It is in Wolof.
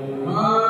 Ah